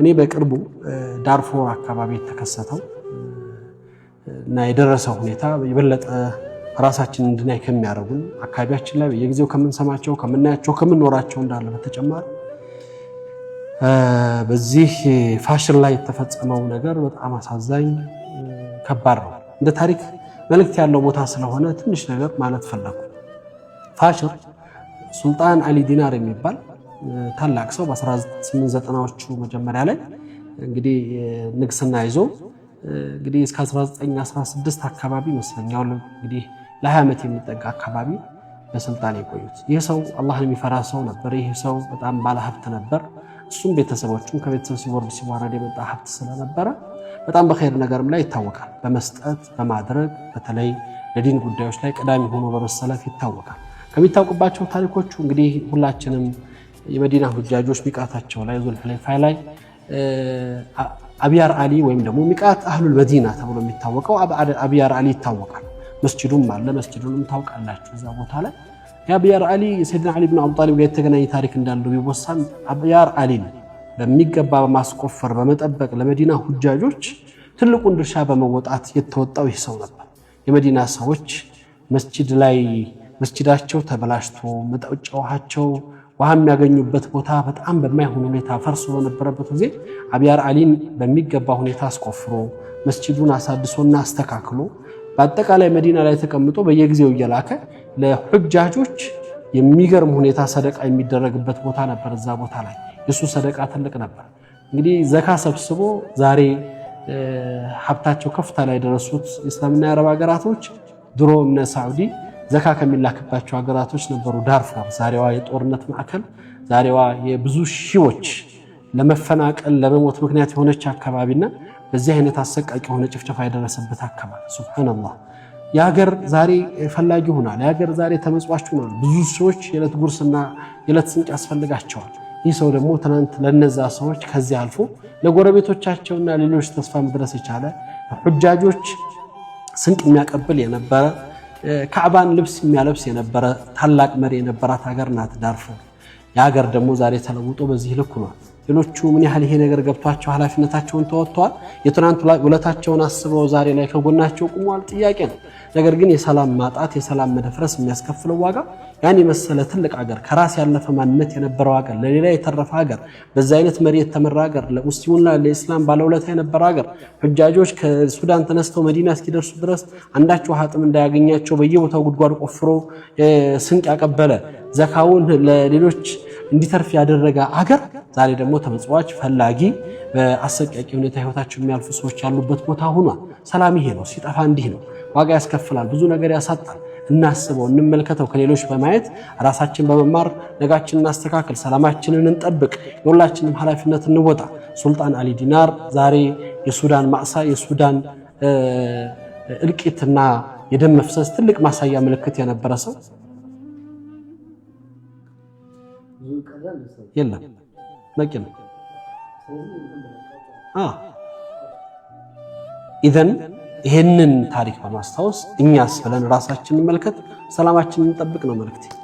እኔ በቅርቡ ዳርፎር አካባቢ የተከሰተው እና የደረሰው ሁኔታ የበለጠ ራሳችን እንድናይ ከሚያደርጉን አካባቢያችን ላይ በየጊዜው ከምንሰማቸው፣ ከምናያቸው፣ ከምንኖራቸው እንዳለ በተጨማሪ በዚህ ፋሽን ላይ የተፈጸመው ነገር በጣም አሳዛኝ ከባድ ነው። እንደ ታሪክ መልእክት ያለው ቦታ ስለሆነ ትንሽ ነገር ማለት ፈለጉ። ፋሽን ሱልጣን አሊ ዲናር የሚባል ታላቅ ሰው በ1890ዎቹ መጀመሪያ ላይ እንግዲህ ንግስና ይዞ እንግዲህ እስከ 1916 አካባቢ መስለኛው እንግዲህ ለ20 ዓመት የሚጠጋ አካባቢ በስልጣን የቆዩት ይህ ሰው አላህን የሚፈራ ሰው ነበር። ይህ ሰው በጣም ባለ ሀብት ነበር። እሱም ቤተሰቦቹም ከቤተሰብ ሲወርድ ሲዋረድ የመጣ ሀብት ስለነበረ በጣም በኸይር ነገርም ላይ ይታወቃል። በመስጠት በማድረግ በተለይ ለዲን ጉዳዮች ላይ ቀዳሚ ሆኖ በመሰለፍ ይታወቃል። ከሚታወቅባቸው ታሪኮቹ እንግዲህ ሁላችንም የመዲና ሁጃጆች ሚቃታቸው ላይ ዙልሑለይፋ ላይ አብያር አሊ ወይም ደግሞ ሚቃት አህሉል መዲና ተብሎ የሚታወቀው አብያር አሊ ይታወቃል። መስጅዱም አለ፣ መስጅዱንም ታውቃላችሁ። እዛ ቦታ ላይ የአብያር አሊ የሰይድና አሊ ብን አቡጣሊብ ጋር የተገናኘ ታሪክ እንዳለው ቢወሳም አብያር አሊን በሚገባ በማስቆፈር በመጠበቅ ለመዲና ሁጃጆች ትልቁን ድርሻ በመወጣት የተወጣው ይህ ሰው ነበር። የመዲና ሰዎች መስጅድ ላይ መስጅዳቸው ተበላሽቶ መጠጫዋቸው ውሃ የሚያገኙበት ቦታ በጣም በማይሆን ሁኔታ ፈርሶ በነበረበት ጊዜ አብያር አሊን በሚገባ ሁኔታ አስቆፍሮ መስጂዱን አሳድሶና አስተካክሎ በአጠቃላይ መዲና ላይ ተቀምጦ በየጊዜው እየላከ ለሁጃጆች የሚገርም ሁኔታ ሰደቃ የሚደረግበት ቦታ ነበር። እዛ ቦታ ላይ የእሱ ሰደቃ ትልቅ ነበር። እንግዲህ ዘካ ሰብስቦ ዛሬ ሀብታቸው ከፍታ ላይ የደረሱት የእስላምና የአረብ ሀገራቶች ድሮ እነ ሳዑዲ ዘካ ከሚላክባቸው ሀገራቶች ነበሩ። ዳርፉር ዛሬዋ የጦርነት ማዕከል፣ ዛሬዋ የብዙ ሺዎች ለመፈናቀል ለመሞት ምክንያት የሆነች አካባቢና በዚህ አይነት አሰቃቂ የሆነ ጭፍጨፋ የደረሰበት አካባቢ ሱብሃነላህ። የሀገር ዛሬ ፈላጊ ሆኗል። የሀገር ዛሬ ተመጽዋች ሆኗል። ብዙ ሰዎች የዕለት ጉርስና የዕለት ስንቅ ያስፈልጋቸዋል። ይህ ሰው ደግሞ ትናንት ለነዛ ሰዎች ከዚህ አልፎ ለጎረቤቶቻቸውና ሌሎች ተስፋ መድረስ የቻለ ሁጃጆች ስንቅ የሚያቀብል የነበረ ካዕባን ልብስ የሚያለብስ የነበረ ታላቅ መሪ የነበራት ሀገር ናት ዳርፉር። የሀገር ደግሞ ዛሬ ተለውጦ በዚህ ልክ ሆኗል። ሌሎቹ ምን ያህል ይሄ ነገር ገብቷቸው ኃላፊነታቸውን ተወጥተዋል? የትናንት ውለታቸውን አስበው ዛሬ ላይ ከጎናቸው ቁመዋል? ጥያቄ ነው። ነገር ግን የሰላም ማጣት፣ የሰላም መደፍረስ የሚያስከፍለው ዋጋ ያን የመሰለ ትልቅ ሀገር ከራስ ያለፈ ማንነት የነበረው ሀገር ለሌላ የተረፈ ሀገር በዛ አይነት መሪ የተመራ ሀገር ለሙስሊሙና ለኢስላም ባለውለታ የነበረ ሀገር ሁጃጆች ከሱዳን ተነስተው መዲና እስኪደርሱ ድረስ አንዳቸው ሀጥም እንዳያገኛቸው በየቦታው ጉድጓድ ቆፍሮ ስንቅ ያቀበለ ዘካውን ለሌሎች እንዲተርፍ ያደረገ አገር ዛሬ ደግሞ ተመጽዋች ፈላጊ በአሰቃቂ ሁኔታ ህይወታቸው የሚያልፉ ሰዎች ያሉበት ቦታ ሆኗል። ሰላም ይሄ ነው፣ ሲጠፋ እንዲህ ነው። ዋጋ ያስከፍላል፣ ብዙ ነገር ያሳጣል። እናስበው፣ እንመልከተው፣ ከሌሎች በማየት ራሳችን በመማር ነጋችን እናስተካክል፣ ሰላማችንን እንጠብቅ፣ የሁላችንም ኃላፊነት እንወጣ። ሱልጣን አሊ ዲናር ዛሬ የሱዳን ማዕሳ የሱዳን እልቂትና የደም መፍሰስ ትልቅ ማሳያ ምልክት የነበረ ሰው የለም በቂ ነው። ኢዘን ይህንን ታሪክ በማስታወስ እኛስ ብለን ራሳችን እንመልከት፣ ሰላማችንን እንጠብቅ ነው መልእክቴ።